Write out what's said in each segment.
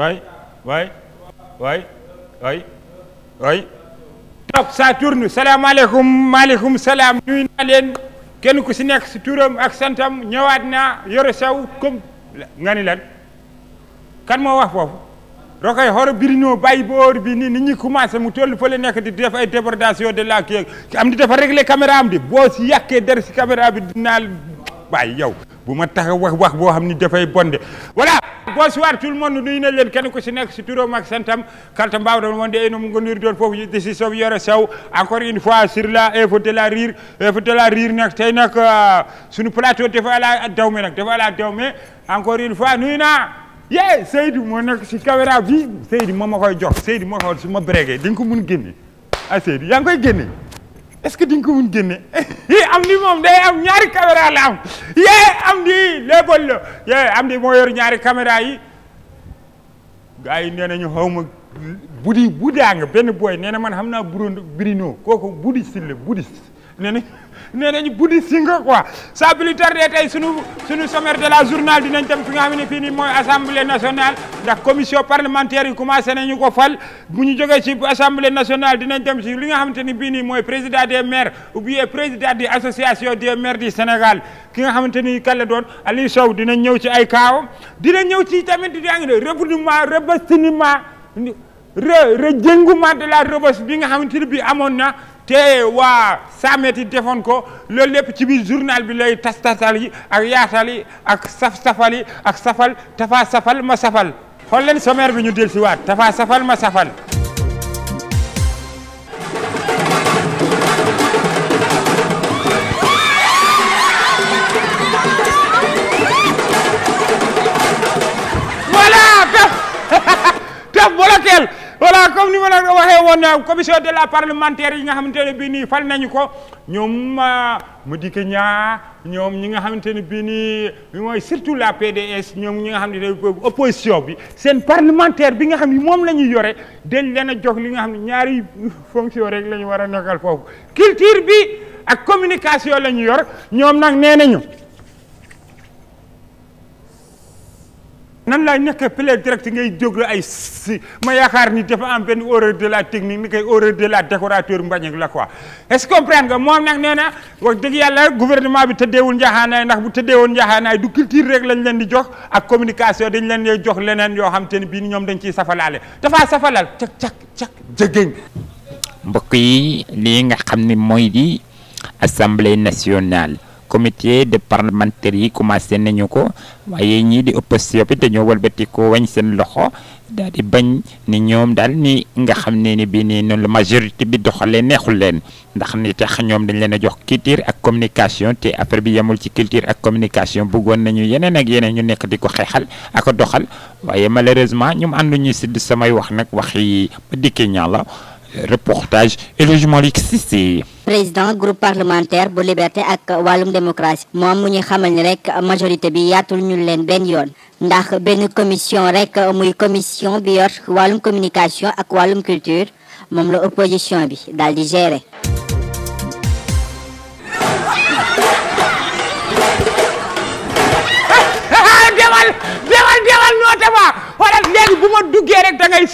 waay waay waay waay waay toog Saturne salaamaaleykum maaleykum salaam nuyu naa leen kenn ku si nekk si turam ak santam ñëwaat naa yore saw comme nga ni lan kan moo wax foofu rokoy xoro biriñoo bàyyi boor bi ni nit ñi commencé mu toll fële nekk di def ay de la kii am di dafa régler caméra am di boo si yàqee der si caméra bi dinaa bàyyi yow bu ma tax wax wax boo xam ni dafay bonde voilà bonsoir tout le monde nuyu na leen kenn ku si nekk si turam ak santam kalta mbawɗon wonde eno mo goniri toon foof yidde si somi yore saw encore une fois sur la info de la rire info de la rire nag tey nag euh, suñu plateau dafa ala dawme nag dafa ala dawme encore une fois nuyu yee Seydou moo nekk si caméra bi Seydou moom ma koy jox Seydou moo xool su ma bregee di nga ko mun génne ah Seydou yaa ngi koy génne est-ce que di nga ko mun génne am ni moom day am ñaari caméra la am yee am di léebool la yee am di moo yor ñaari caméra yi gars yi nee nañu xaw ma budi budaanga benn booy nee na man xam naa buroon birinoo kooku budi silla budis nee nee nañ bouddhiste nga quoi saa plus tey sunu sunu sommaire de la journal dinañ dem fi nga xam ne fii nii mooy assemblée nationale ndax commission parlementaire yi commencé nañu ko fal bu ñu jógee ci assemblée nationale dinañ dem ci li nga xamante ni bii nii mooy président de maires ou bien président de l'association des maires du Sénégal ki nga xamante ni kàlla doon Aliou Sow dinañ ñëw ci ay kaawam dinañ ñëw ci tamit di nga ne rebondement rebastiniment re rejëngument de la rebos bi nga xamante ni bii amoon na. te waa saamet yi defoon ko loolu lépp ci biir journal bi lay tas tasal ak yaatali ak saf safal ak safal tafa safal ma safal xool leen sommaire bi ñu dellusiwaat tafa safal ma safal voilà comme ni ma la waxee woon euh, commission de la parlementaire yi nga xamante ne bii nii na nañu ko ñoom mu dikk ñaa ñoom ñi nga xamante ni bii nii mooy surtout la PDS ñoom ñi nga xam ne opposition bi seen parlementaire bi nga xam ne moom la ñu yore dañ leen a jox li nga xam ne ñaari fonction rek la ñu war a nekkal foofu culture bi ak communication la ñu yor ñoom nag nee nañu. nan laay nekkee plein direct ngay déglu ay ma yaakaar ni dafa am benn horreur de la technique ni koy horreur de la décorateur mbañeg la quoi est-ce que comprendre nga moom nag nee na wax dëgg yàlla gouvernement bi tëddeewul njaxaanaay ndax bu tëddeewoon njaxaanaay du culture rek lañ leen di jox ak communication dañ leen di jox leneen yoo xam te ne bii ñoom dañ ciy safalaale dafaa safalal cak cak cak jëgéñ mbokk yi lii nga xam ne mooy di assemblée nationale comité de parlementaire yi commencé nañu ko waaye ñii di opposition bi dañoo walbati ko wañ seen loxo daal di bañ ni ñoom daal ni nga xam ne ni bii nii noonu la majorité bi doxalee neexul leen ndax ni tax ñoom dañ leen a jox culture ak communication te affaire bi yemul ci culture ak communication bëggoon nañu yeneen ak yeneen ñu nekk di ko xeexal ak doxal waaye malheureusement ñoom ànduñu si samay wax nag wax yi ma dikkee ñaa la reportage El président groupe parlementaire bu liberté ak wàllum démocratie moom mu ñu xamal ni rek majorité bi yaatul ñu leen benn yoon ndax benn commission rek muy commission bi yor wàllum communication ak wàllum culture moom la opposition bi daal di gérer.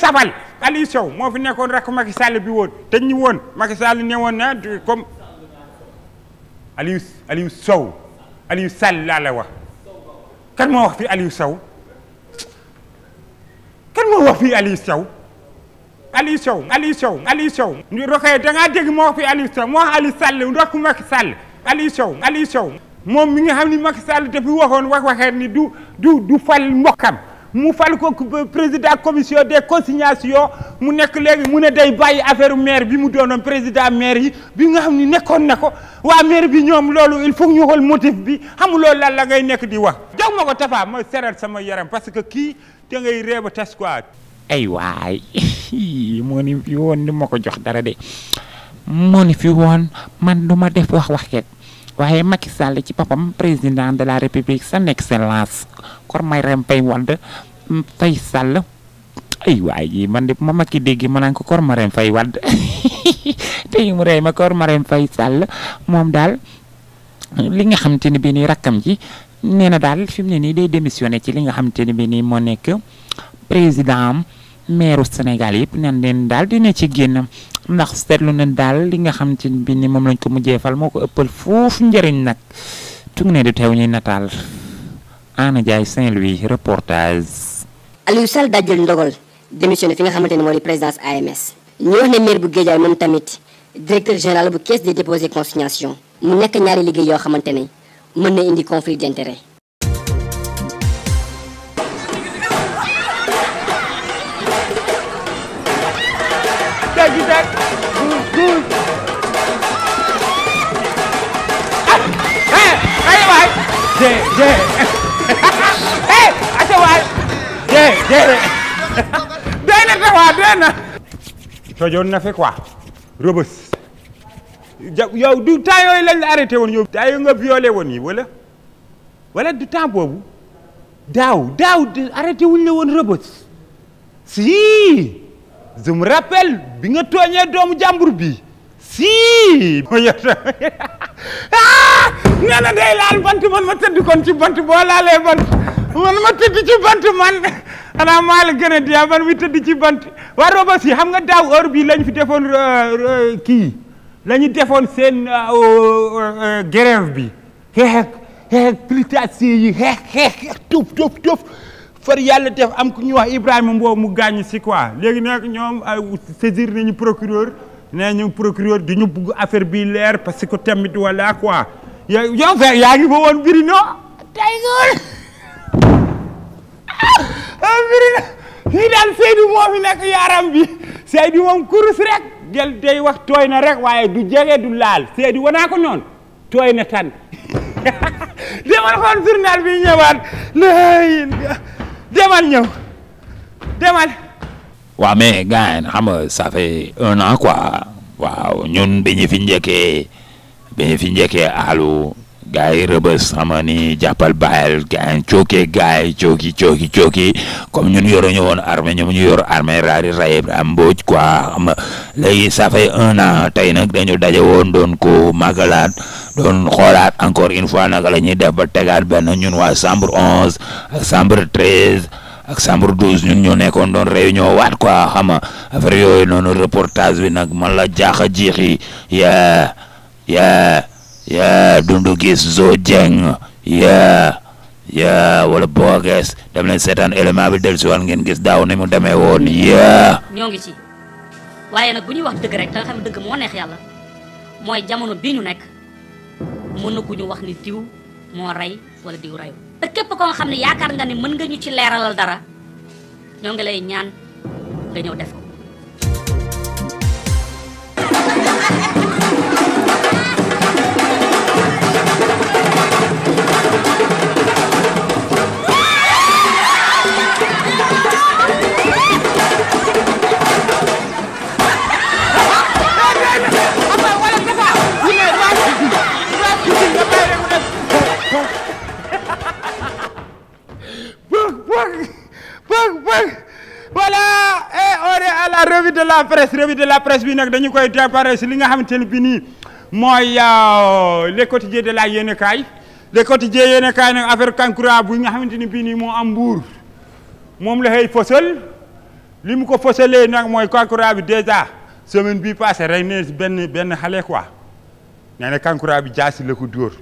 Ah, ah, ah, Aliou Sow moo fi nekkoon rakk Macky Sall bi woon te ñu woon Macky Sall ne woon na comme Aliou Aliou Sow Aliou Sall laa la wax kan moo wax fii Aliou Sow kan moo wax fii Aliou Sow Aliou Sow Aliou Sow Aliou Sow rokoye dangaa dégg moo wax fii Aliou Sow moo wax Aliou Sall rakk Macky Sall Aliou Sow Aliou Sow moom mi nga xam ni Macky Sall dafi waxoon wax waxee ni du du du fal mbokkam mu fal ko euh, président commission des consignations mu nekk léegi mu ne day bàyyi affaire maire bi mu doonoon président maire yi bi nga xam ni nekkoon na ko waa maire bi ñoom loolu il faut ñu xool motif bi xamu loolu lan la ngay nekk di wax. jox ma ko Tafa ma seral sama yaram parce que kii da ngay réew a ay waay moo ni fi woon ni ma ko jox dara de moo ni fi woon man du ma def wax wax ket waaye Macky Sall ci papam président de la république son excellence. kor may rem pay wadd fay sàll ay waay ji man de ma ma ki dégg ma naan ko kor ma rem fay wadd tey mu rey ma kor ma rem fay sàll moom daal li nga xamante ne bii nii rakkam ji nee na daal fi ne nii day démissionné ci li nga xamante ne bii nii moo nekk président am maire Sénégal yëpp nan leen daal dina ci génn ndax seetlu na daal li nga xamante ne bii nii moom lañ ko mujjee fal moo ko ëppal foofu njëriñ nag tu ne du teew ñuy nataal. Anna Ndiaye Saint-Louis reportage. Aliou Sall dajjal ndogal fi nga xamante ni moo di présidence AMS. ñu wax ne maire bu Guédiawaye moom tamit directeur général bu caisse des dépôts et mu nekk ñaari liggéey yoo xamante ni mën na indi conflit d'intérêt. eh acca dee dee dee na te waa dee na tojoon na fi quoi rëbës ja yow du temps yooyu la arrêté woon yow temps yooyu nga violé woon yi wala wala du temps boobu daaw daaw arrêté wuñ la woon rëbës si je me bi nga tooñee doomu jàmbur bi sii ma yota ah nee laal bant man ma tëdd kon ci bant boo laalee bant man ma tëdd ci bant man xanaa maa la gën a mi tëdd ci bant waa roba si xam nga daaw heure bi lañu fi defoon euh, euh, kii lañu defoon seen euh, grève bi xeex xeex clitasie yi xeex xeex xeex tuuf tuuf far yàlla def am ku ñuy wax Ibrahima Mbow mu gaañu si léegi nag ñoom saisir nañu procureur nee ñu procureur di ñu bugg affaire bi leer parce que tamit wala quoi yow yow yaa ngi fa woon Birino tey nga ah! woon ah, Birino fii daal Seydou moo nekk yaaram bi Seydou moom kurus rek gel day wax tooy na rek waaye du jege du laal Seydou wanaa ko noonu tooy na tan demal xool journal bi ñëwaat demal demal waa mais gars yi xam nga ça fait un an quoi waaw ñun bi ñu fi njëkkee bi ñu fi njëkkee aalu gars yi rëbës xam nga ni jàppal bàyyil gars yi cookee gars yi cooki cooki comme ñun yoruñu woon armée ñoom ñu yor armée raari ray am mbooj quoi xam léegi ça un an tey nag dañu daje woon doon ko màggalaat doon xoolaat encore une fois nag la ñuy def ba tegaat benn ñun waa chambre onze chambre treize ak chambre 12 ñun ñoo nekkoon doon réunion waat quoi xam nga affaire yooyu noonu reportage bi nag man la jaaxa jiixi yaa yaa yaa dundu gis zoo jeng yaa yaa wala boogees dem leen seetaan élément bi del si waan ngeen gis daaw ne mu demee woon yaa ñoo ngi ci waaye nag bu ñuy wax dëgg rek da xam dëgg moo neex yàlla mooy jamono bii ñu nekk mën na ñu wax ni diw moo rey wala diw reyu te képp ko nga xam ne yaakaar nga ne mën nga ñu ci leeralal dara ñoo ngi lay ñaan nga def bëgg bëgg voilà et on est à de la presse revue de la presse bi nag dañu koy déparé si li nga xamante ne bi nii mooy euh, les quotidiens de la yéenekaay les quotidiens yéenekaay nag affaire Kankura bu nga xamante ne bii nii moo am mbuur moom la xëy fësal li mu ko fësalee nag mooy Kankura bi déjà bi bii passé ne benn benn xale quoi nee na Kankura bi jaasi la ko dóor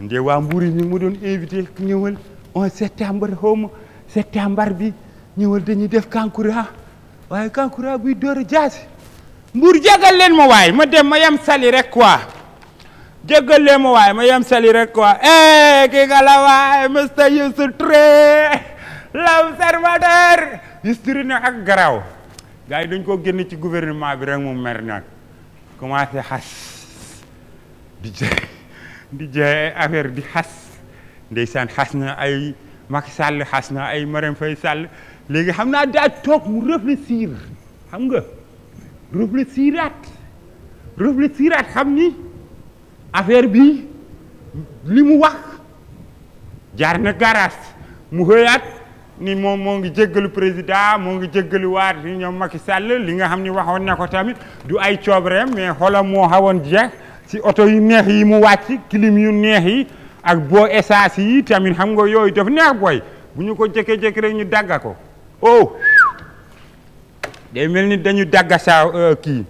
nde waa mbuur yi ñu ngi ma doon invité ñëwal 11 septembre xaw ma septembre bi ñëwal dañuy def kankura waaye kankura buy door a jaasi mbuur jagal leen ma waay ma dem ma yem sali rek quoi jagal leen ma waay yem sali rek quoi eh ki nga la waay Mr ne ak garaw gaay yi dañ koo génn ci gouvernement bi rek mu mer nag commencé xas di je di je affaire di xas ndeysaan xas na ay maki Sall xas na ay Marème Faye Sall léegi xam naa daa toog mu réfléchir xam nga réfléchiraat réfléchiraat xam ni affaire bi li mu wax jaar na garage mu xëyaat ni moom moo ngi jéggalu président moo ngi jéggalu waat yi ñoom Macky Sall li nga xam ni waxoon na ko tamit du ay coobareem mais xolam moo xawoon jeex si oto yu neex yi mu wàcc clim yu neex yi ak boo essence yi tamit xam nga yooyu daf neex booy bu ñu ko jékkee-jékki rek ñu dagga ko oh day mel ni dañu dagga saa euh, kii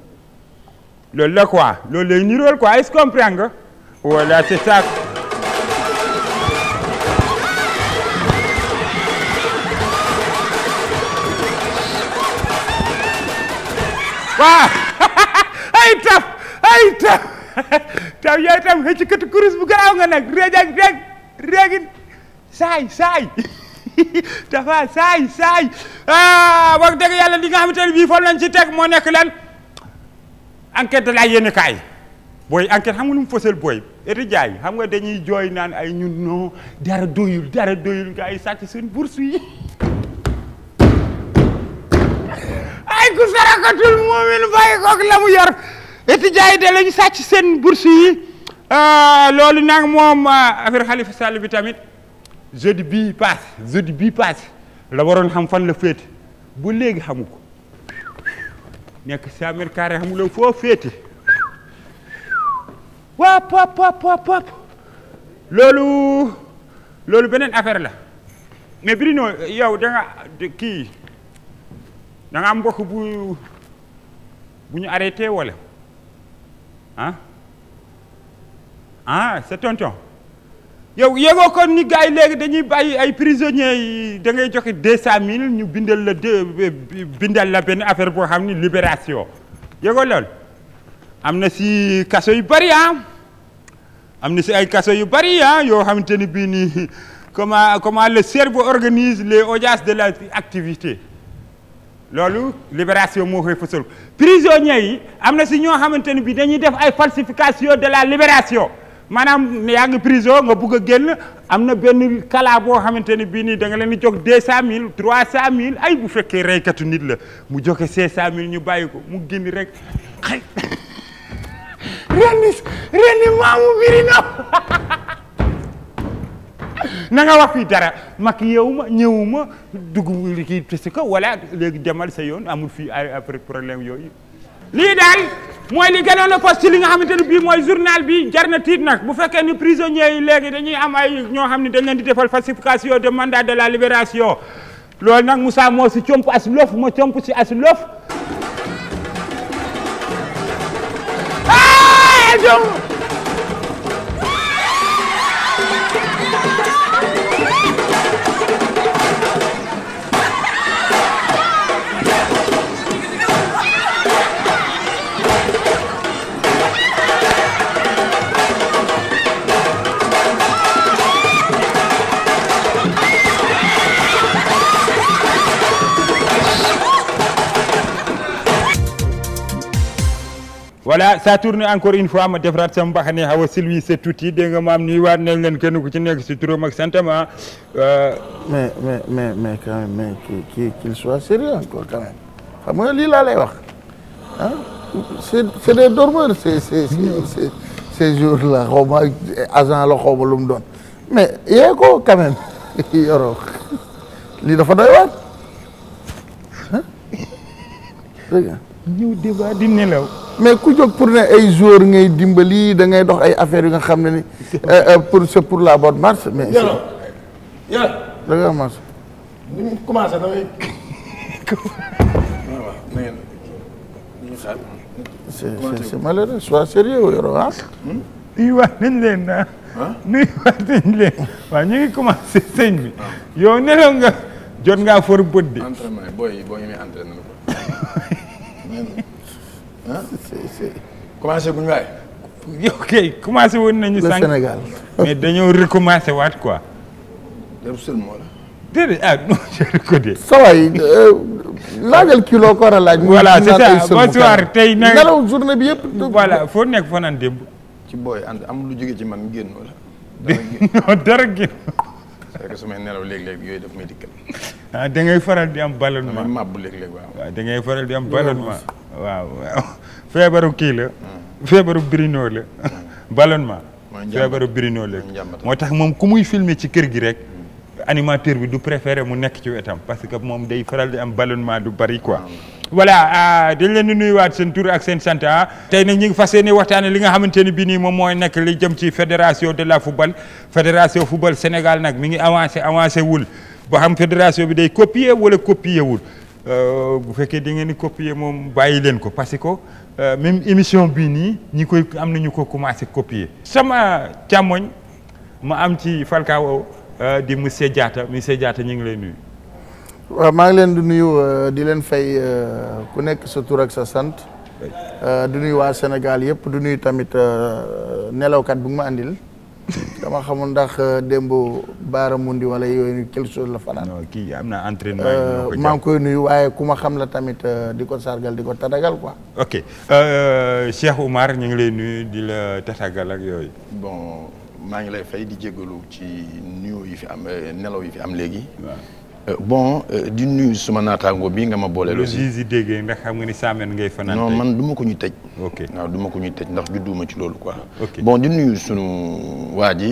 loolu la quoi loolu lay nirool quoi est ay taf ay taf tam yaay tam xëcc katu kurus bu garaaw nga nag réej ak réeg réegin saay saay dafa saay saay ah wax dëgg yàlla li nga xamante ne bii fol nañ ci teg moo nekk lan enquête de la yéen kaay booy enquête xam nga lu mu fësal xam nga dañuy jooy naan ay ñun non dara doyul dara doyul nga ay sàcc seen bourse yi ay ku saraxatul moomin bàyyi koog la mu yor étudiants yi de la ñu seen bourse yi euh, loolu nag moom euh, affaire Khalifa Sall bi tamit jeudi bii paase jeudi bii paase la waroon xam fan la bu ba léegi xamu ko nekk cent mètres carrés foo féete wap loolu loolu beneen affaire la mais Bruno yow da nga kii da nga am mbokk bu buñu ñu arrêté wala ah ah c'est tonton yow yëgoo kon ni gars yi léegi dañuy bàyyi ay prisonniers yi da ngay joxe deux cent mille ñu bindal la deux bindal la benn affaire boo xam ni libération yëgoo lool am na si kaso yu bari ah am na si ay kaso yu bari ah yoo xamante ni bii nii comment comment le cerveau organise les audiences de la l'activité loolu libération moo koy fësal prisonniers yi am na si ñoo xamante ne bii dañuy def ay falsification de la libération maanaam yaa ngi prison nga bugg a génn am na benn kala boo xamante ne bii nii da nga leen di jóg deux cent mille trois cent mille ay bu fekkee rey reykatu nit la mu joxe cinq cent mille ñu bàyyi ko mu génn rek xëy renni renni maamu biri na nga wax dara mag yow ma ñëwu ma dugg kii te si kaw wala léegi demal sa yoon amul fii ay après problème yooyu. lii daal mooy li gënoon a fas ci li nga xamante ne bii mooy journal bi jar na tiit nag bu fekkee ni prisonniers yi léegi dañuy am ay ñoo xam ne dañ leen di defal falsification de mandat de la libération loolu nag Moussa moo si comp as lof ma comp si as lof. voilà ça tourne encore une fois ma defaraat sama mbaxane xaw a silwi sa tuuti dégg nga maam nuyuwaat nañ leen kenn ku ci nekk si turam ak santam ah. Euh, mais mais mais mais quand même mais qu'il qu'il soit sérieux encore quand même xam lay wax ah c'est c'est des dormeurs c'est c'est agent la xaw ma doon mais yee ko quand même yoroo lii dafa doy waar ah mais ku jóg pour ne ay joueur ngay dimbali da ngay dox ay affaires yu nga xam ne ni euh, euh, pour pour la bonne marche mais yàlla nga marche ni mu commencé sérieux ah. hmm? ah. ñu ngi commencé sëñ bi ah. yow nelaw nga jot ngaa for bët de entraînement booy ah c'est commencé guñ waay. yow kay commencé woon nañu. sànq le Sénégal mais dañoo waat quoi. dem seulement la. déedéet ah non euh, laajal kilo ko war a laaj. voilà c'est ça bonsoir tey nag nelaw journée foo nekk foo naan démb. ci booy ànd am lu jóge ci man génn wala. non dara génn. c'est léeg-léeg yooyu daf may ah, da ngay faral di am ballonnement da ngay màbb léeg-léeg da ngay faral di am ballonnement. waaw feebaru kii la. Hmm. feebaru Bruno la. Hmm. ballonnement. mooy feebaru Bruno la moo tax moom ku muy filmer ci kër gi rek. Hmm. animateur bi du préféré mu nekk ci wetam parce que moom day faral di am ballonnement du bari wala voilà ah, dañ leen di nuyuwaat seen tur ak seen sant ah. tey nag ñu ngi fas yéene waxtaanee li nga xamante ni bii nii moom mooy nekk li jëm ci fédération de la football fédération football Sénégal nag mi ngi avancé avancé wul ba xam fédération bi day copier wala copier wul. Euh, bu fekkee di ngeen di copier moom bàyyi leen ko parce que euh, même émission bii nii ñi koy am na ñu ko commencé copier. sama càmmoñ ma am ci Falcao euh, di monsieur Diatta monsieur Diatta ñu ngi lay nuyu. waaw maa ngi leen di nuyu di leen fay ku nekk sa turak sa sant. du nuyu waa Sénégal yëpp du nuyu tamit nelawkat bu ma àndil. dama xamul ndax euh, démb baaramundi wala yooyu quelque chose la fanaan. non kii am naa entraînement euh, maa ngi koy nuyu waaye ku ma xam la tamit euh, di ko sargal di ko tatagal quoi. ok Cheikh Oumar ñu ngi lay nuyu di la tatagal ak yooyu. bon maa ngi lay fay di jégalu ci nuyoo yi fi am nelaw yi fi am léegi. Euh, bon euh, di nuyu suma naataango bii nga ma booleel aussi lu si déggee nga xam nga ni saamen ngay fanaan non man du ma ko ñuy tëj ok waaw du ma ko ñuy tëj ndax judduuma ci loolu quoi bon di nuyu sunu waa ji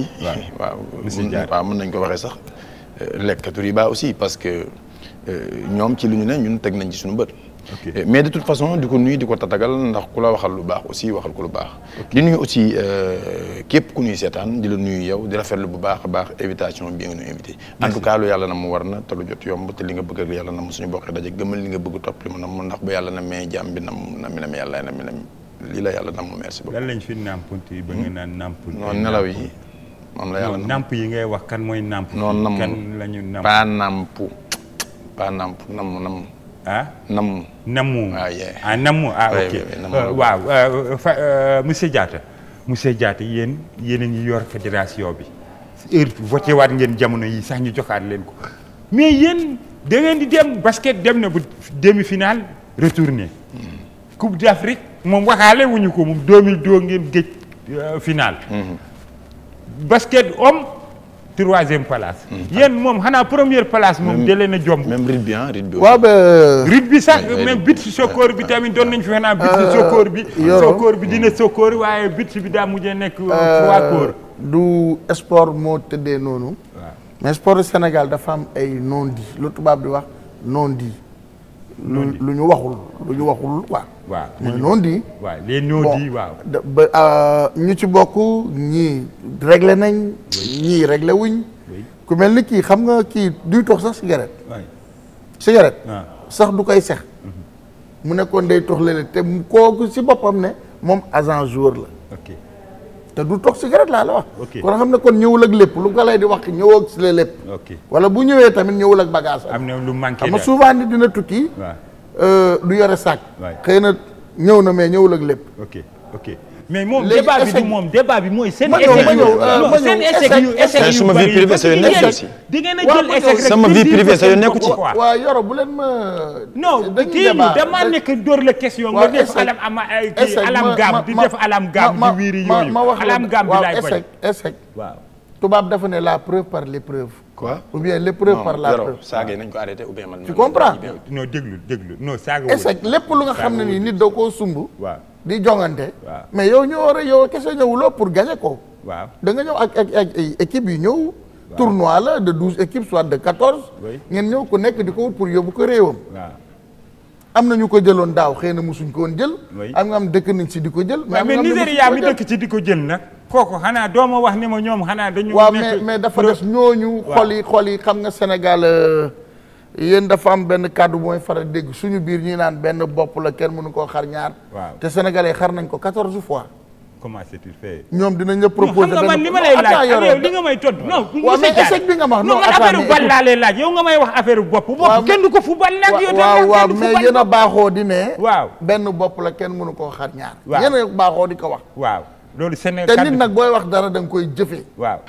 waaw waaw mën nañ ko waxee sax yi euh, baa aussi parce que ñoom ci li ñu ne ñun teg nañ ci suñu bët Eh, mais de toute façon di ko nuyu di ko tatagal ndax ku la waxal lu baax aussi waxal ko lu baax. li nuyu aussi euh, képp ku ñuy seetaan di la nuyu yow di rafetlu bu baax a baax invitation bi nga ñu yàlla na mu war na te lu jot yomb te li nga bëgg ak yàlla na mu bokk daje gëmal li nga bëgg topp li mu nam ndax ba yàlla na may jàmm bi nam na mi na mi yàlla na la fi nàmpunti ba nga hmm? naan nàmpunti. noonu nelaw yi moom nàmp yi ngay wax kan mooy nàmp. noonu namp kan la ñu namp pas namp pas namp nam nam Ah? nam namu. namu ah yeah. ah namu ah ok euh, waaw euh, euh, monsieur Diatta monsieur Diatta yéen yéen a ngi yor fédération bi su voté waat ngeen jamono yi sax ñu joxaat leen ko mais yéen da ngeen di dem basket dem na bu demi finale retourné. Mm. coupe d' Afrique moom waxaale wuñu ko moom 2002 ngeen géej finale. Mm-hmm. basket homme. troisième place. Hmm. yéen moom xanaa première place moom jëlee na jomb. même rythme bi bi. waaw ba bi sax même bit si sokkoor bi tamit doon nañ fi xanaa bit si euh, sokkoor bi. sokkoor bi dina sokkoor waaye bit bi daa mujjee nekk. Euh, trois koor euh, du sport moo tëddee noonu. mais sport du Sénégal dafa am ay non-dits lu tubaab di wax non di lu ñu waxul lu ñu waxul quoi. waaw mooy non-dits. waaw les non-dits waaw. ba ah, ñu ci bokk ñii réglé nañ. ñii réglé wuñ. ku mel ni kii xam nga kii duy tox sax cigarette. waay cigarette. Ah. sax du koy sex. Mhm. mu nekkoon day tox léeg te kooku si boppam ne moom agent joueur la. ok te du tox cigarette laa la wax. ok kon xam ne kon ñëwul ak lépp lu ko lay di wax ñëw ak si lépp. ok wala bu ñëwee tamit ñëwul ak bagage. am na lu manqué xam nga souvent nit dina tukki. Euh, du yore saak. xëy na ñëw na mais ñëwul ak lépp. ok ok mais moom débat bi moom débat mooy seen. ma ñëw ma ñëw euh, seen yu échec yu sama vie privée sa yoon nekku ci. di ngeen a jël échec rek sama vie privée nekku ci. waaw yoro bu leen ma. non kii damaa nekk dóor la question nga def alam ama kii alam gaam di def alam gaam di wiiri yooyu alam gaam bi laay bañ. échec tubaab dafa ne la preuve par l'épreuve quoi ou bien l'épreuve par la preuve saaga yi nañ ko arrêté ou bien man. tu comprends non déglu déglu non saaga. est-ce que lépp lu nga xam ne nii nit da koo sumb. waaw di jongante. waaw mais yow ñoo war a yow kese ñëwuloo pour gagner ko. waaw da nga ñëw ak ak ak équipe yi ñëw. tournoi la de douze équipes soit de quatorze. ngeen ñëw ku nekk di ko wut pour yóbbu ko réewam. am na ñu ko jëloon daaw xëy na mosuñ ko woon jël. am nga am dëkk nañ si di ko jël. mais ah, am na mais Nigéria mi dëkk ci di ko jël nag. kooku xanaa doo ma wax ni ma ñoom xanaa dañu. waaw mais mais dafa des ñooñu. xol yi xol yi xam nga Sénégal euh, yéen dafa am benn kàddu mooy faral dégg suñu biir ñuy naan benn bopp la kenn mënu koo xar ñaar. waaw te sénégalais xar nañ ko quatorze fois. comment ñoom dinañ la proposer benn li ma lay laaj yow nga may todd non nga ma non affaire bal laa laaj yow nga may wax affaire bopp bopp kenn du ko fubal nag yow waaw yéen a baaxoo di ne waaw benn bopp la kenn mënu koo xar ñaar yéen a baaxoo di ko wax waaw loolu Sénégal te nit nag booy wax dara danga koy jëfee. waaw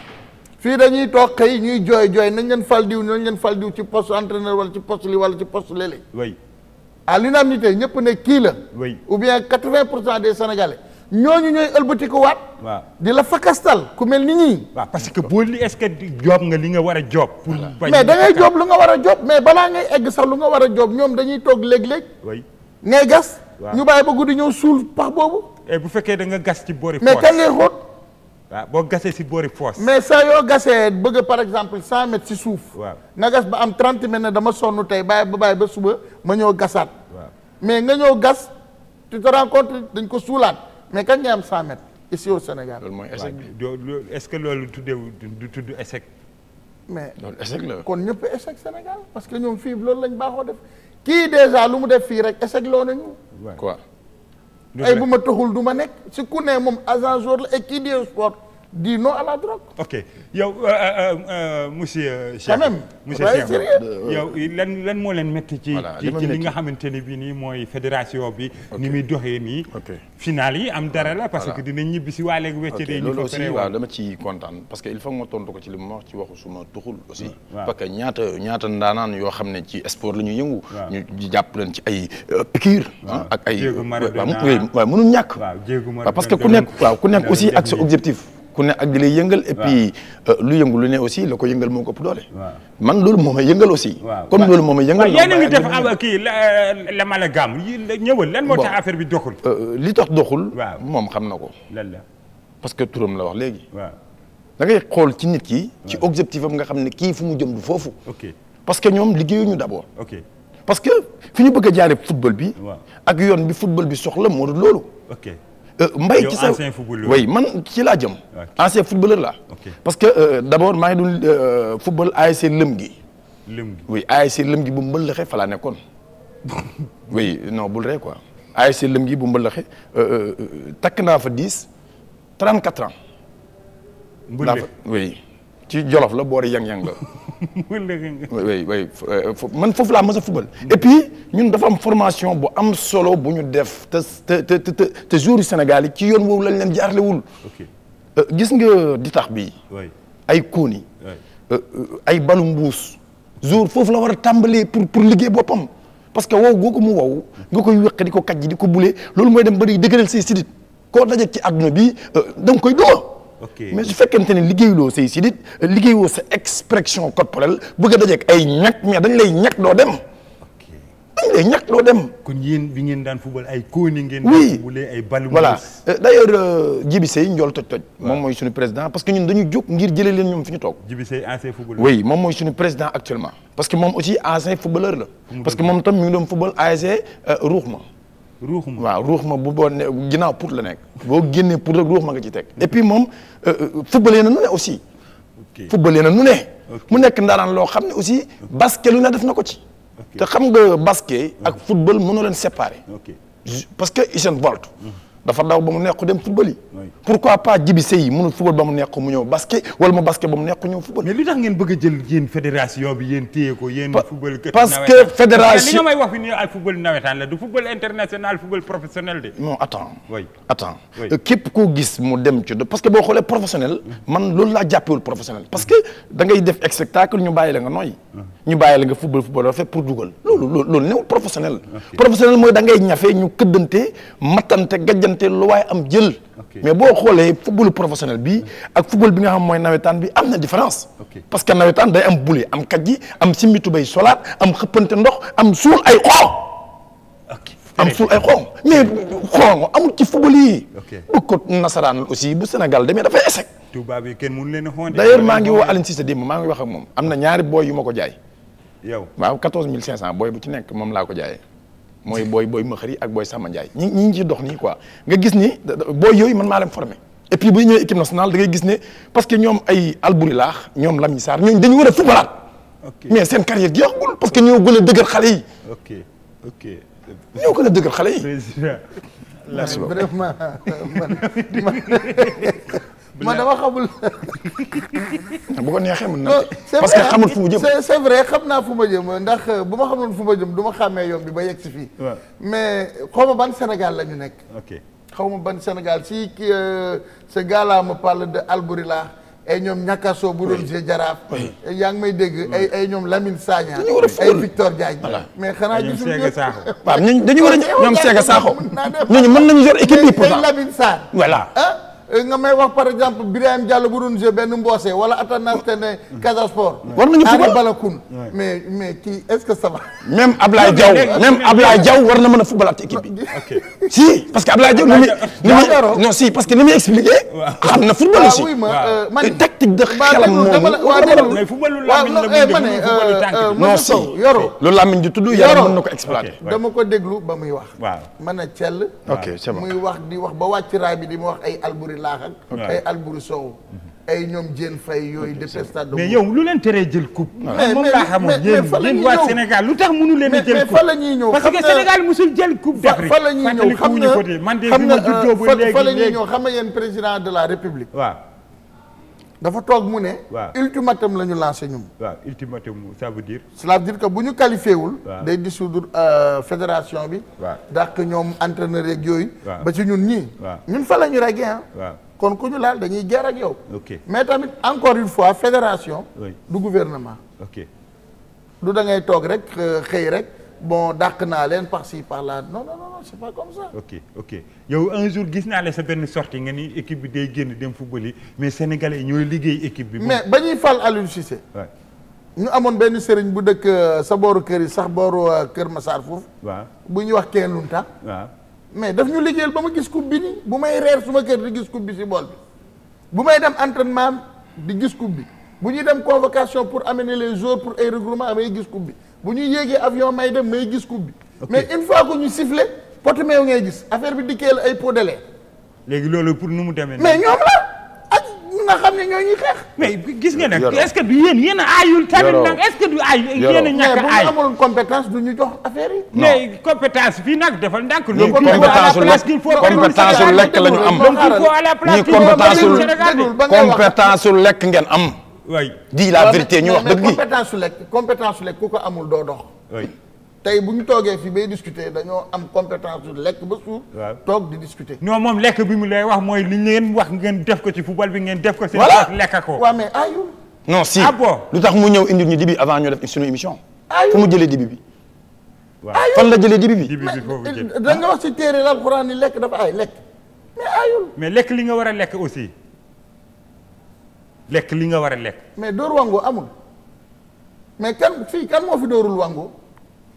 fii dañuy toog xëy ñuy jooy jooy nañ leen fal diw nañ leen fal diw ci poste entraîneur wala ci poste li wala ci poste léeg li oui à l'unanimité ñëpp ne kii la. oui ou bien quatre-vingt pour cent des sénégalais. ñooñu ñooy ëlbatiku waat. waaw di la fakastal ku mel ni ñii. parce que boo li est-ce que joob nga li nga war a joob. pour mais da ngay joob lu nga war a joob mais balaa ngay egg sax lu nga war a joob ñoom dañuy toog léeg-léeg. ngay gas. ñu bàyyi ba guddi ñëw suul pax boobu. Eh, bu fekkee da nga gas ci boori. mais kañ ngay xóot. waaw boo gasee si boori foos. mais saa yoo gasee bëgg par exemple cent mètres si suuf. waaw nga gas ba am trente mètres ne dama sonn tey bàyyi ba bàyyi ba suba ma ñëw gasaat. waaw mais nga ñëw gas. tu te rends dañ ko suulaat mais kañ ngay am cent mètres ici au Sénégal. loolu mooy échec est-ce que loolu tuddee du tudd échec. mais loolu échec la kon ñëpp échec Sénégal parce que ñoom fii loolu lañ baaxoo def kii déjà lu mu def fii rek échec loo nañu. quoi. ay bu ma taxul du ma nekk si ku ne moom agent jour la et qui dit sport di non à la drogue. ok yow euh, euh, euh, monsieur. Cheikh quand même monsieur Cheikh yow lan moo leen métti. ci ci li nga xamante ni bii nii mooy fédération bi. ni muy doxee nii. final yi am dara la parce que dinañ ñibbi si waa léegi wecc de. ñu ko aussi waaw dama ci kontaan parce que il faut ma tontu ko ci li mu wax ci waxu suma tuxul. aussi parce que ñaata ñaata ndaanaan yoo xam ne ci sport la ñuy yëngu. ñu jàpp leen ci ay piqûre. ak ay jéegu mara waaw mënul ñàkk. waaw jéegu mara parce que ku nekk waaw ku nekk aussi ak sa objectif. ku ne ak di lay yëngal. Euh, lu yëngu lu ne aussi la ko yëngal moo ko ëpp doole. man loolu moom may yëngal aussi. comme loolu moo may yëngal. waaw yéen a ngi def am ah, kii la euh, amalgame ñëwal lan moo tax affaire bi doxul. Euh, li tax doxul. moom xam na ko. lan la parce que turam la wax léegi. waaw da ngay xool ci nit ki. ci objectif am nga xam ne kii fu mu jëm du foofu. parce que ñoom liggéeyuñu d'abord. ok parce que fi ñu bëgg a jaaree football bi. ak yoon bi football bi soxla moo dul loolu. ok Euh, mbay ci sa ancien man ci laa jëm. ancien footballeur laa. parce que euh, d' abord maa ngi doon euh, football ASC lëm gi. lëm gi oui bu mbëllëxee fa laa nekkoon. oui non bul ree quoi ASC lëm gi bu mbëllëxee takk naa fa 10 34 ans. mbëllëx ci Jolof la boori yang yang la. oui oui man foofu laa mës a football et puis ñun dafa am formation bu am solo bu ñu def te te te te te Sénégal yi ci yoon woowu lañ leen jaarlewul euh, gis nga ditax bi ay kóoni euh, euh, ay balu mbuus jour foofu la war a tàmbalee pour pour liggéey boppam parce que wow goo mu wow nga koy weq di ko yi di ko bulee loolu mooy dem ba di dëgëral say sidit koo daje ci àdduna bi danga koy duma mais su fekkente ne liggéeyuloo say sidit liggéeyoo sa expression corporelle bëgg a dajeek ay ñàkk mais dañ lay ñàkk doo dem. dañ lay ñàkk doo dem. kon yéen bi d' ailleurs Djibi Seye njool toj toj. moom mooy suñu président parce que ñun dañu jóg ngir jëlee leen ñoom fi ñu toog. Djibi Seye ancien footballeur. oui moom mooy suñu président actuellement. parce que moom aussi ancien footballeur la. parce que moom tam mi ngi doon football ASC e, euh, Ruuxma. ruux ma waaw ruux ma bu boo ne ginnaaw pour la nekk boo génnee pour rek ruux ma nga ci teg et puis moom euh, euh, footballé na nu ne aussi footballé na nu ne mu nekk ndaaraan loo xam ne aussi basket lu ne def na ko ci te xam nga basket ak football mënoo leen séparer parce que Usain Bolt mm-hmm. dafa daw ba mu nekk dem football pourquoi pas Djiby Sèye mënul football ba mu nekk mu ñëw basket wala mu basket ba mu nekk ñëw football. mais li tax ngeen bëgg ko gis mu dem ci parce que boo xoolee professionnel. man loolu laa jàppewul professionnel. parce que def spectacle ñu bàyyi la nga nooy. ñu bàyyi la nga football football rafet pour dugal loolu loolu loolu newul professionnel. professionnel mooy da ñafe ñu këddante mattante gajjan diggante lu waaye am jël. mais boo xoolee football professionnel bi ak football bi nga xam mooy nawetaan bi am na différence. parce que nawetaan day am bule am kaj ji am simmi tubay solaat am xëppante ndox am suul ay xorom. am suul ay xorom mais xorom amul ci football yi. bëgg ko nasaraan aussi bu Sénégal demee a xoolee. d'ailleurs maa ngi woo Alioune Cissé démb maa ngi wax am na ñaari booy yu ma ko jaay. yow waaw 14500 booy bu ci nekk moom laa ko jaayee. mooy booy booy Maxari ak booy Samba Ndiaye ñi ñi ngi ci dox nii quoi nga gis ni booy yooyu man maa leen formé et puis bu ñu ñëwee équipe nationale da gis ne parce que ñoom ay Albouri laax ñoom Lamine Sarr ñooñu dañu war a footballaat mais seen carrière jeexagul parce que ñoo gën a dëgër xale yi. ok ok ñoo gën a dëgër xale yi. président. merci beaucoup vraiment man man. man dama xamul. Ah, bu ko neexee mën na parce que xamul fu mu xam naa fu ma jëm ndax euh, bu ma xamoon fu ma jëm du ma xàmmee yoon bi ba yegg si fii. mais xaw ma ban Sénégal la ñu nekk. ok xaw ma ban Sénégal si kii euh, ce gars là me parle de Albourila. ay ñoom ñakkaso bu doon see jaraaf yaa ngi may dégg ay ay ñoom Lamine Sagna ay Victor Diagne mais xanaa gisul ñoom waaw dañu war a ñoom Sega Sakho mën nañu yor équipe bi pourtant Lamine Sarr voilà ah Eh, nga may wax par exemple Birahim Diallo bu doon joué benn Mbossé wala Atanas Tene Casa Sport. war mais mais kii ce que ça va. même Ablaye Diaw même Ablaye na mën a fubal ak équipe bi. si parce que Ablaye Diaw ni muy. ni muy expliqué. xam na football aussi. Ah waaw euh, man tactique de xelam moomu. mais la eh, muy déglu euh, footballu tànk euh, di tudd yàlla mën na ko exploiter. dama ko déglu ba muy wax. waaw mën a cell. muy wax di wax ba wàcc raay bi di ma wax ay alburi laax ak. ay Alboury Sow. ay ñoom Diène Faye yooyu de Stade de. mais yow lu leen teree jël coupe. moom laa xamoon yéen yéen waa Sénégal lu tax mënu leen a jël coupe. mais fa la ñuy ñëw parce que Sénégal musul jël coupe d'Afrique. fa la ñuy ñëw xam na man de bi ma juddoo ba léegi léegi fa la ñuy ñëw xam na yéen président de la République. waaw. dafa toog mu ne. waaw ultimatum la ñu lancé ñun. waaw ultimatum ça veut dire. cela veut bu ñu qualifié wul. day dissoudre euh, fédération bi. waaw dàq ñoom entraîneur yeeg yooyu. ba ci ñun ñii. ñun fa la ñu reggee ah. kon ku ñu laal dañuy ger ak yow. ok mais tamit encore une fois fédération. du gouvernement. ok du da ngay toog rek euh, xëy rek. bon dàq naa leen par ci par là non non non c'est pas comme ça. ok ok yow un jour gis naa la sa benn sortie nga ni équipe bi day génn dem football yi mais sénégalais yi ñooy liggéey équipe bi. mais ba ñuy fal Aliou Cissé. ñu amoon benn sëriñ bu dëkk euh, sa booru kër yi sax booru euh, Kër masaar foofu. waaw bu ñuy wax Keen Lunta. mais daf ñu liggéeyal ba ma gis coupe bi nii bu may reer suma kër di gis coupe bi si bool bi. bu may dem entraînement di gis coupe bi bu ñuy dem convocation pour amener les joueurs pour ay regroupement amay gis coupe bi. bu ñuy yéegee avion may dem may gis coupe bi. mais une fois que ñu sifflé potu meew ngay gis affaire bi dikkee la ay pot de lait. léegi loolu pour nu mu demee. mais ñoom la. nga xam ne ñoo ñuy xeex. mais gis nga nag du yéen yéen a aayul tamit nag est-ce que du ay yéen a ñàkk bu ñu amoon compétence du ñu jox affaire yi. mais compétence fii nag dafa ndànk. léegi compétence lekk compétence am. compétence lu lekk ngeen am. waay di la vérité ñu wax dëgg compétence su lekk compétence su lekk ku ko amul doo dox. tey bu ñu toogee fii bay discuter dañoo am compétence lekk ba suur. toog di discuter. non moom lekk bi mu lay wax mooy li ngeen wax ngeen def ko ci football bi ngeen def ko. si lekk ko waaw mais ayul. non si ah lu tax mu ñëw indi ñu dibi avant ñu def suñu émission. fu mu jëlee dibi bi. ayul fan la jëlee dibi bi. dibi bi foofu jëlee da nga wax si téere alxuraan ni lekk dafa ay lekk mais ayul. mais lekk li nga war a lekk aussi. lekk li nga war a lekk. mais dóor wango amul mais kan fii kan moo fi dóorul wango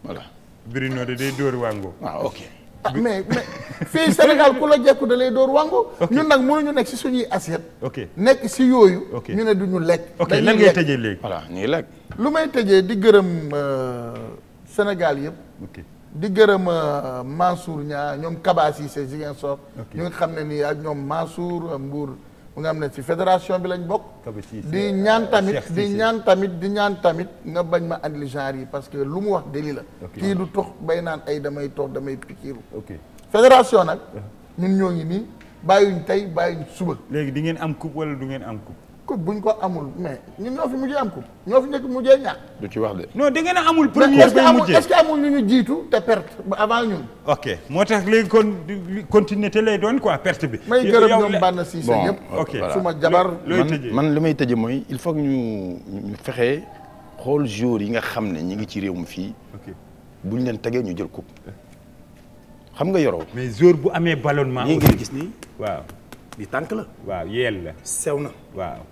voilà. Bruno de day dóor wango. waaw ah, ok. ah mais mais fii Sénégal ku la jekku da lay dóor wango. ñun nag mënuñu nekk si suñuy assiette. ok nekk si yooyu. ñu ne duñu lekk. ok lan ngay tëjee léegi voilà ñuy lekk. lu may tëjee di gërëm euh, Sénégal yëpp. di gërëm euh, Mansour ñaa ñoom Kaba Cissé Ziguinchor. ñu nga xam ne nii ak ñoom Mansour Mbour. nga am na si fédération bi lañ bokk. di ñaan tamit di ñaan tamit di ñaan tamit nga bañ ma andil genre yi parce que lu mu wax deli la. kii du tox bay naan ay damay tox damay pikiiru. fédération nag. Uh-huh. ñun ñoo ngi nii bàyyuñ tey bàyyuñ suba. léegi di ngeen am coupe wala du ngeen am coupe. coupe buñ ko amul mais ñun ñoo fi mujjee am coupe ñoo fi nekk mujjee ñàkk. du ci wax de. non da ngeen amul première bay mujjee est ce que amul ñu ñu jiitu te perte ba ñun. moo tax léegi kon continuité lay doon quoi perte bi. may gërëm ñoom bànn si sa yëpp. ok suma jabar man man li may tëjee mooy il faut que ñu ñu fexe xool joueurs yi nga xam ne ñi ngi ci réew mu fii. buñ leen tegee ñu jël coupe. xam nga yoroo. mais joueur bu amee ballonnement. ñii ngeen gis nii waaw. di tànk la. waaw la sew na waaw.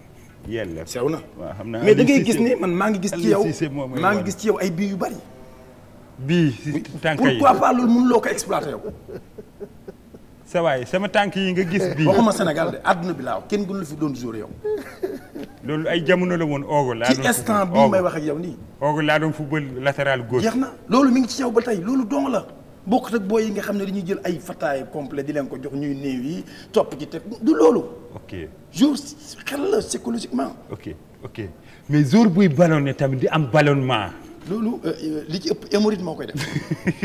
yelleef sew na mais da ngay gis ni man maa ngi gis ci yow maa ngi gis ci yow ay bii yu bari bii si tànk yi pourquoi pas loolu ko exploiter yow. sa sama tànk yi nga gis bii. waxuma Sénégal de àdduna bi laaw kenn gënu la fi doon jour yow. loolu ay jamono la woon oogu laa doon ci instant bii may wax yow nii. oogu laa doon football latéral jeex na loolu mi ngi ci yow ba tey loolu doom la. bokkut ak booy yi nga xam ne dañuy jël ay fataay complet di leen ko jox ñuy néew yi topp ci teg du loolu. ok jour xel la psychologiquement. ok ok mais jour buy ballonné tamit di am ballonnement. loolu euh, euh, li ci ëpp hémorroïde moo koy def.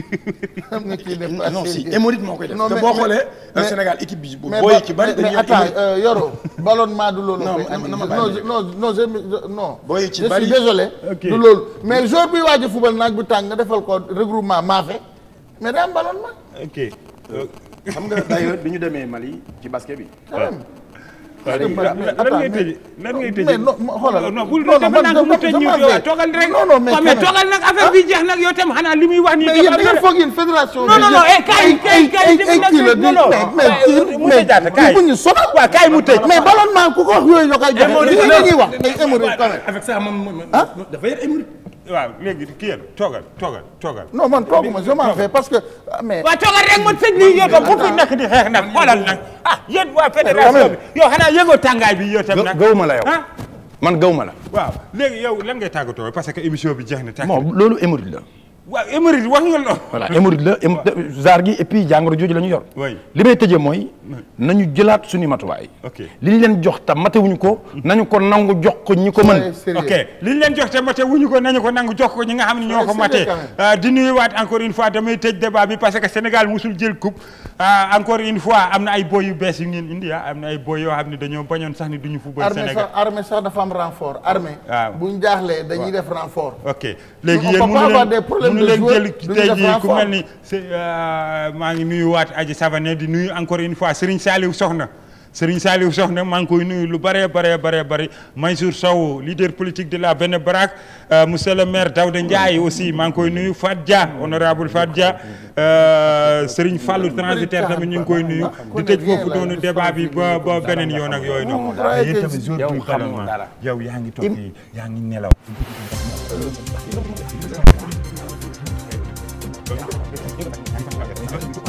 am na kii def si hémorroïde moo koy def. te boo xoolee. Euh, Sénégal équipe bi booy ci bari dañuy. mais attends Yoro ballonnement du loolu. non non non booy ci bari je suis désolé. du loolu mais jour buy waaj a fubal naaj bu tàng nga defal ko regroupement maafe. mais daa am ballonnement. ok euh, xam nga d'ailleurs bi ñu demee Mali ci basket bi. waaw ah. lan ah, ngay tëj lan ngay tëj mais non xoolal non bul dafa naan mu tëj ñu yow toogal rek non non mais toogal nag affaire bi jeex nag yow tam xanaa li muy wax nii mais yéen foog yéen fédération non non non eh kaay kaay kaay mais mais mu ñu sonal waaw kaay mu tëj mais ballonnement ku ko wax yooyu ñoo koy joxe li ñuy wax ay émorite quand même avec ça moom dafa yar émorite waaw léegi kii yëpp toogal toogal toogal. non man tooguma je m'en vais parce que. Ah, mais waaw toogal rek man sëñ bi yéen bu fi ah. nekk di xeex nag xoolal nag ah yéen waa fédération bi yow xanaa yëngoo tàngaay bi yow tam gaw gawuma la yow ah? man gawuma la. waaw léegi yow lan ngay tàggatoo parce que émission bi jeex na. tàggatoo bon loolu émoride la. waaw hémorroïde wax nga loolu. voilà hémorroïde la genre gi et puis jàngoro jooju la yor. li may tëjee mooy. nañu jëlaat suñu matuwaay. ok li ñu leen jox te matewuñu ko. ko nangu jox ko ñi ko mën. ok li ñu leen jox te matewuñu ko nañu ko nangu jox ko ñi nga xam ne ñoo ko matee. Euh, di nuyuwaat encore une fois damay tëj débat bi parce que Sénégal musul jël coupe euh, encore une fois am na ay boy yu bees yu ngeen indi ah am na ay boy yoo xam ne dañoo bañoon sax ni duñu football Sénégal armée sax dafa am renfort armée. waaw bu ñu jaaxlee dañuy def renfort. ok léegi yéen mënu mënu leen jël tey jii ku mel euh, maa ngi nuyu waat Adji Savané di nuyu encore une fois Serigne Saliou Soxna Serigne Saliou Soxna maa ngi koy nuyu lu bare bëree bëree bëri Mansour Sow leader politique de la Benno Barack euh, monsieur le maire Daouda Ndiaye aussi maa ngi koy nuyu Fat Dia honorable Fat Dia euh, Serigne Fallou transitaire tamit ñu ngi koy nuyu di tëj foofu doonu débat bi ba ba beneen yoon ak yooyu noonu yéen yaa ngi toog yaa ngi nelaw